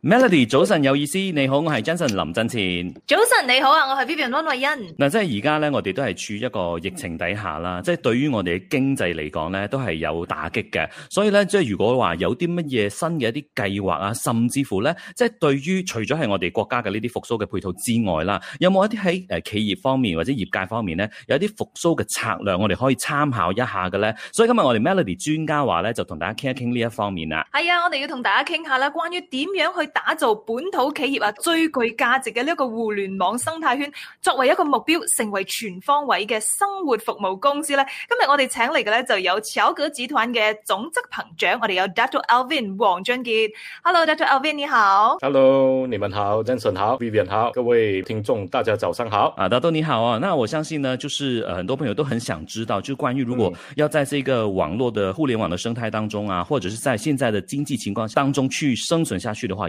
Melody，早晨有意思，你好，我係 Jason 林振前。早晨你好啊，我係 Vivian 溫慧欣。嗱，即係而家咧，我哋都係處一個疫情底下啦，嗯、即係對於我哋嘅經濟嚟講咧，都係有打擊嘅。所以咧，即係如果話有啲乜嘢新嘅一啲計劃啊，甚至乎咧，即係對於除咗係我哋國家嘅呢啲復蘇嘅配套之外啦，有冇一啲喺誒企業方面或者業界方面咧，有一啲復蘇嘅策略，我哋可以參考一下嘅咧？所以今日我哋 Melody 專家話咧，就同大家傾一傾呢一方面啦。係、嗯、啊，我哋要同大家傾下啦，關於點樣去。打造本土企業啊，最具價值嘅呢一個互聯網生態圈，作為一個目標，成為全方位嘅生活服務公司咧。今日我哋請嚟嘅咧就有橋格集團嘅總執行長，我哋有 Dato' Alvin 黃浚杰。Hello，Dato' Alvin 你好。Hello，你們好，Jason 好，Vivian 好，各位聽眾大家早上好。啊，Dato' 你好啊，那我相信呢，就是、呃、很多朋友都很想知道，就是、關於如果要在這個網絡的互聯網的生態當中啊，或者是在現在的經濟情況當中去生存下去的話，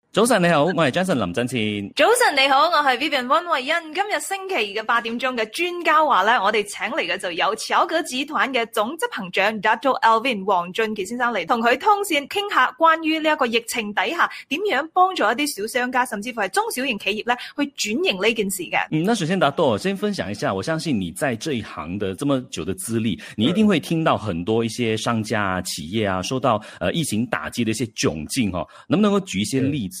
早晨你好，我係張信林振千。早晨你好，我係 Vivian 温慧欣。今日星期二嘅八點鐘嘅專家話咧，我哋請嚟嘅就有橋格集團嘅總執行長 Dato' Alvin 黃浚傑先生嚟同佢通線傾下關於呢一個疫情底下點樣幫助一啲小商家甚至乎係中小型企業咧去轉型呢件事嘅。嗯，那首先 Dato 先分享一下，我相信你在這一行的這麼久的資歷，你一定會聽到很多一些商家啊、企業啊受到誒、呃、疫情打擊的一些窘境哦。能不能夠舉一些例子？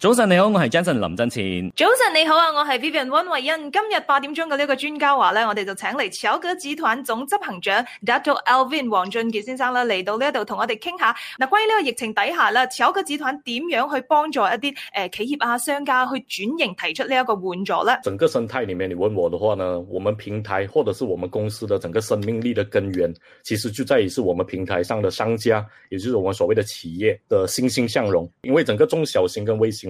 早晨你好，我係 Jason 林振前。早晨你好啊，我係 Vivian 溫慧欣。今日八點鐘嘅呢個專家話咧，我哋就請嚟橋格集團總執行長 Dato' Alvin 黃浚杰先生啦，嚟到呢一度同我哋傾下。嗱，關於呢個疫情底下啦，橋格集團點樣去幫助一啲誒、呃、企業啊、商家去轉型，提出呢一個援助咧？整個生態裏面，你問我的話呢，我們平台或者是我們公司的整個生命力的根源，其實就在於是我們平台上的商家，也就是我們所謂的企業的欣欣向榮。因為整個中小型跟微型。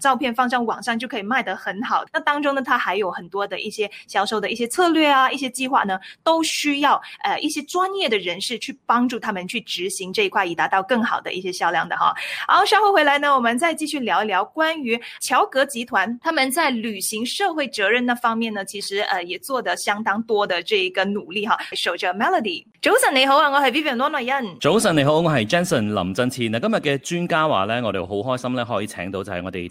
照片放上網上就可以賣得很好。那當中呢，它還有很多的一些銷售的一些策略啊，一些計劃呢，都需要呃一些專業的人士去幫助他們去執行這一塊，以達到更好的一些銷量的哈。好，稍後回來呢，我們再繼續聊一聊關於橋格集團他們在履行社會責任那方面呢，其實呃也做得相當多的這一個努力哈。守着 Melody，早晨你好，啊，我係 Vivian 安乃欣。早晨你好，我係 Johnson 林振千。那今日嘅專家話呢，我哋好開心呢，可以請到就係我哋。